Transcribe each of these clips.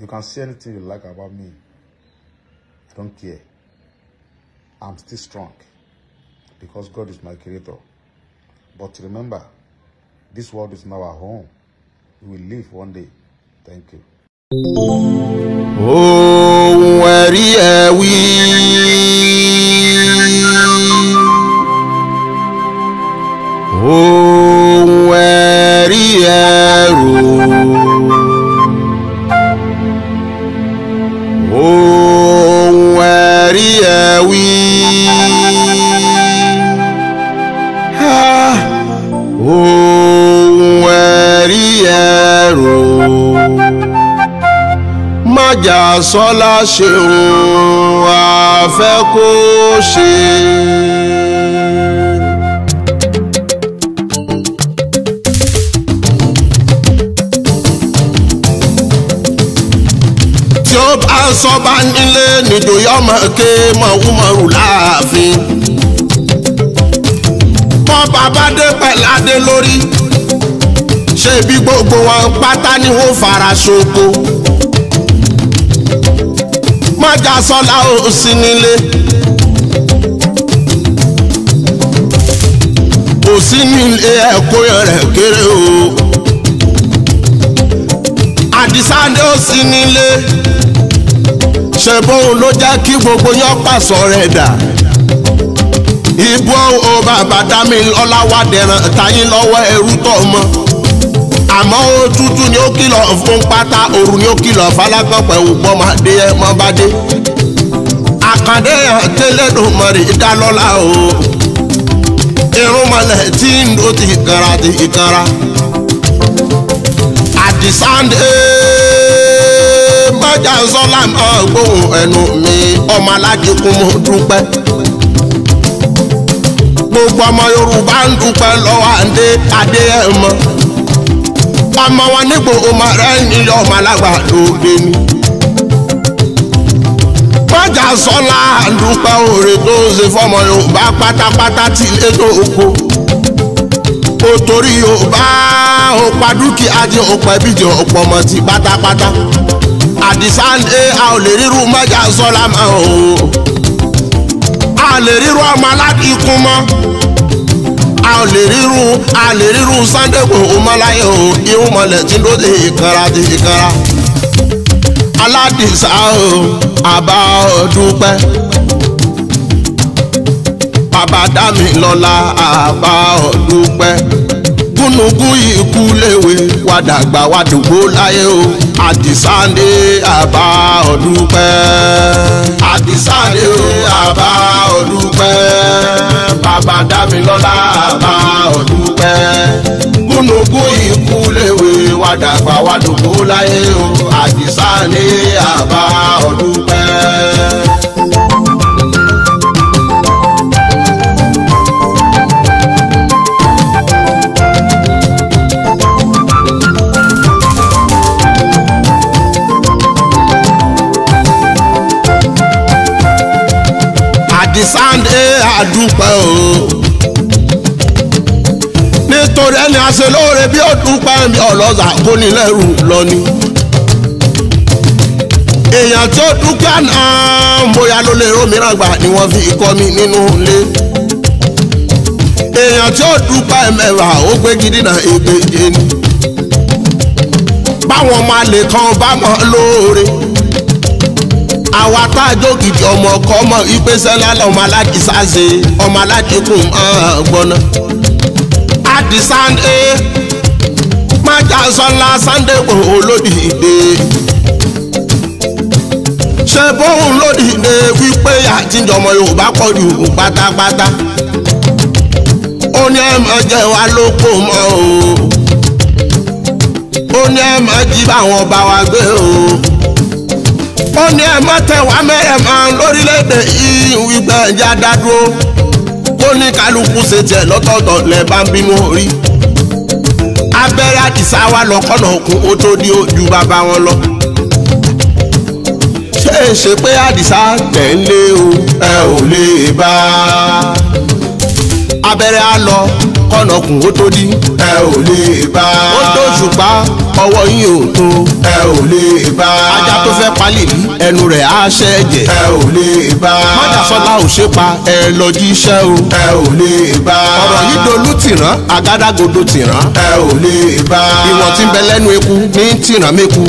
You can say anything you like about me. I don't care. I'm still strong because God is my creator. But remember, this world is not our home. We will leave one day. Thank you. Oh, where are we? sọ́lá ṣe òun àfẹ́ kó ṣe. tí ó bá sọ bá nílé nìjòyè ọmọ ké mọ̀ wúmọ̀rù láàfin. bọ́ bàbá dé pẹ̀ládé lórí ṣebí gbogbo wọn pátá ni wọ́n fara ṣoko májà sọlá ò sí nílé. kò sí nílé ẹ̀kọ́ rẹ̀ kéré o. àdìsá ni ó sí nílé. ṣèbóun ló jẹ́ kí gbogbo yán pàṣọ rẹ̀ dà ibo o bàbá dá mi lọ́lá wá dẹ̀ràn tayín lọ́wọ́ ẹrú tọ̀ mọ́ àmọ́ òtútù ni ó kìlọ̀ fún pátá òru ni ó kìlọ̀ falágbọ̀pẹ̀ ògbọ́n máa dé ẹ mọ́ bá dé. àkàndé àtẹlẹ́dùn dálọ́lá o irúnmọlẹ̀ tí ń do ti kara ti kara àdìsáńdé mọ́jà sọ́lá máa gbóhùn ẹnu mi ọmọ alájẹkùn mo dúpẹ́ gbogbo ọmọ Yorùbá ń dúpẹ́ lọ́wọ́ àdé adé ẹ̀ mọ́. ọkwa mmanwa n'igbo ụmara niile ọmalagba n'ogeni gbaja zọla aha ndụkpa orego oze fọmọ yorùbá pátápátá ti lẹ́nu oko òtòrí yorùbá ọ̀pá dúkìá di ọ̀pá ẹbí ọ̀pọ̀ ọmọ ti pátápátá àdìsá ẹ a ò lè ríru gbaja zọla máa o a lè ríru ọmọ mọ́. a lè rírun a lè rírun Sunday Igboho ọmọláyé o irun mọ̀lẹ̀ tí ń dóde ìkanra ti ìkanra aládìsá o àbá ọdúpẹ́ bàbá dá mi lọ́la àbá ọdúpẹ́ ogún ikú léwe wá dàgbà wá dògbó láyé o àdìsáńdé àbá ọdún pẹ́. àdìsáńdé o àbá ọdún pẹ́. bàbá dámilọ́lá àbá ọdún pẹ́. gúnugún ikú léwe wá dàgbà wá dògbó láyé o àdìsáńdé àbá ọdún the sound ẹ eh, àdúpẹ́ o. nítorí ẹni àṣelóore bí ó dúpẹ́ mi ọlọ́zà kò ní lẹ́rù lọ ni. èèyàn tó dúpẹ́ náà bóyá ló lè rómìíràn gbà ni wọ́n fi kọ́ mi nínú ilé. èèyàn tó dúpẹ́ mẹ́wàá ó gbé gidi náà ègbèje ni. báwọn máa lè kan bá mọ́ lóore àwa tá a jó gidi ọmọ ọkọ ọmọ ìpè sẹ́lá lọ́mọ aládìsá ṣe ọmọ aládìkún gbọ́ná. àdìsáńdé májà sọlá sáńdé gbòòrò lódì ìdè bóun lódì wípé àtijọ́ ọmọ Yorùbá pọ̀ jù pátápátá ó ní ẹ̀ jẹ́ wa ló kó mọ́ o ó ní ẹ̀ jí báwọn ọba wa gbé o ó ní ẹ má tẹ wá mẹ́rẹ̀ máa ń lórílẹ̀‐èdè yìí ìgbà ẹ̀já dádúró ó ní kálukú ṣe tiẹ̀ lọ́tọ̀ọ̀tọ̀ lẹ́ bá ń bínú orí abẹ́rẹ́ àdìsá wa lọ́kọ́nà òkun ó tó di ojú bàbá wọn lọ ṣé é ṣe pé àdìsá tẹ̀ ń lé o ẹ ò lè bá abẹ́rẹ́ á lọ kọ́nà òkun ó tó di ẹ ò lè bá ó tó ṣùpá ọwọ́ yín ò tó. ẹ ò lè bá. ajá tó fẹ́ palè mí ẹnu rẹ̀ á ṣẹ̀jẹ̀. ẹ ò lè bá. mọ́jàsọ́lá ò ṣe pa ẹ lọ jíṣẹ́ o. ẹ ò lè bá. ọ̀rọ̀ yìí dolú tìrán àgádágodo tìrán. ẹ ò lè bá. ìwọ̀n tí ń bẹ lẹ́nu eku ní tìrán mẹ́ku.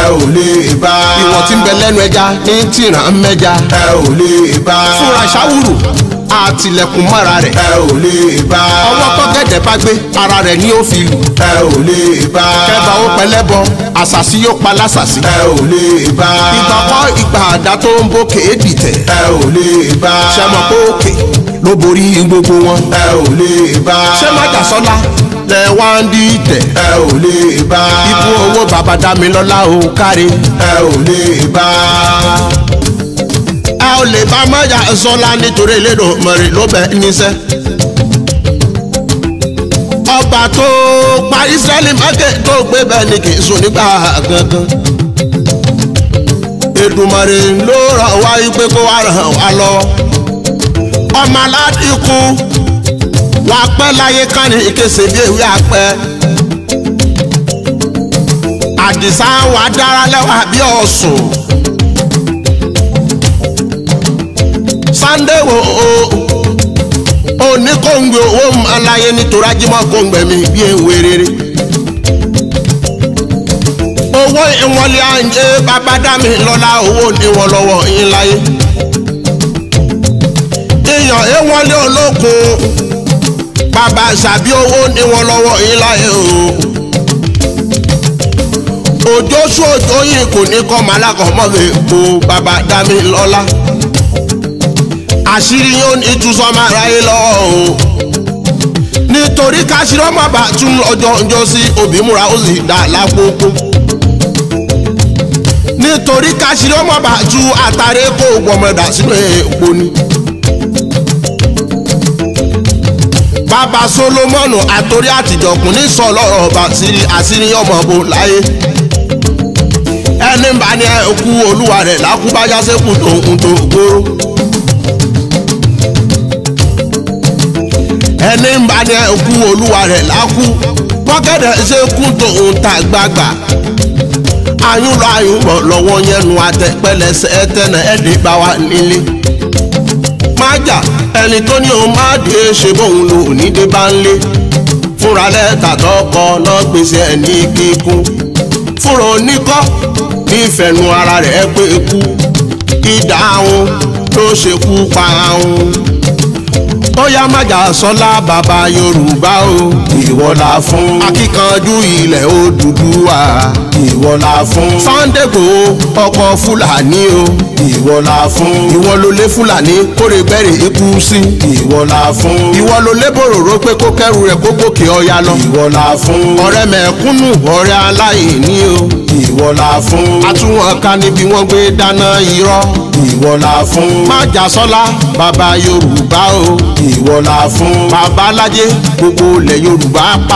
ẹ ò lè bá. ìwọ̀n tí ń bẹ lẹ́nu ẹja ní tìrán mẹ́ja. ẹ ò lè bá. fúnra ṣáwùrù àtìlẹ̀kùn mọ́ra rẹ̀. ẹ ò lè bá a. ọwọ́ tọ́gẹ̀dẹ̀ bá gbé ara rẹ̀ ni ó fi lù. ẹ ò lè bá a. kẹba ó pẹlẹ́bọ àṣàṣì yóò pa lásàṣì. ẹ ò lè bá a. ìgbà kọ́ ìgbà àdá tó ń bókè é dìtẹ̀. ẹ ò lè bá a. sẹ́mọ̀ pé òkè ló borí gbogbo wọn. ẹ ò lè bá a. sẹ́mọ̀ dàsọ́lá tẹ wá ń di tẹ. ẹ ò lè bá a. ibú owó bàbá dá mi lọ́lá òun káre. ẹ ò lè bá a. lè bá mọ́jà sọ́lá nítorí elédò mọ̀rì ló bẹ̀ níṣẹ́. ọba tó pa israeli mọ́kè tó gbé bẹ́ẹ̀ ni kì í sùn nígbà kankan. lo ló ràn wá pé kó wá ràn wá lọ́wọ́. ọmọ aládìí kú wá pẹ́ láyé kánì ìkéṣe bí ewé apẹ́. àdìsá wa dára lẹ́wà bí Sunday wo o oh. o oh, oh, ni kongbe owo m alaye nitori ajimọ kongbe mi bi ewerere owo iwọle anje babada mi lola owo niwọlọwọ ilaye iyan iwọle oloko babazabi sabi owo niwọlọwọ ilaye o ojoosu ojoyin ko ni kọ malakọ mọ dami lola. àṣírí yóò ní túnṣọ́mọ aráyé lọ́wọ́ o nítorí káṣírọ́ má bàa tún lọ́jọ́ ńjọ́ sí òbí múra ó sì dá lápòpò nítorí káṣírọ́ má bàa ju àtàrí kó gbọmọdà sínú èèpo ni. bàbá Solomoni àtòrí àtìjọkùn ní sọ lọ́rọ̀ bàṣírí àṣírí ọmọ bò láyé ẹni bá ní ẹ kú olúwa rẹ̀ lákúbájá sẹ́kù tó ń tó gbóró. ẹni ń bá ní ẹkú olúwa rẹ̀ lákú pọ́kẹ́dẹ̀ ṣe ń kú tòun ta gbàgbà ayún lọ ayún bọ̀ lọ́wọ́ yẹn nu àtẹ pẹlẹsẹ tẹnà ẹ̀dí bá wa nílé má jà ẹni tó ní òun má dé ṣe bóun lò ní bá ń lé fúnra lẹ́tà tọkọ náà gbèsè ẹni kíkún fúnra oníkọ́ ní ìfẹ̀nu ara rẹ̀ pé kú ìdáhùn ló ṣekú pa ahùn tóyá májà sọlá bàbá yorùbá o. ìwọ la fún. akíkanjú ilẹ̀ Odùduwà. ìwọ la fún. Sunday Igboho ọkọ fúlàní o. ìwọ la fún. ìwọ ló lé fúlàní kórè bẹ́rẹ̀ ikú sí. ìwọ la fún. ìwọ ló lé bòròró pé kó kẹrù rẹ̀ kó gòkè ọya lọ. ìwọ la fún. ọ̀rẹ́ mẹ̀kúnnù ọ̀rẹ́ aláìní o ìwọ la fún. àtúwọ̀n ká níbi wọ́n gbé dáná irọ́. ìwọ la fún. má jà sọ́lá bàbá yorùbá o. ìwọ la fún. bàbá lajẹ gbogbo ilẹ̀ yorùbá pa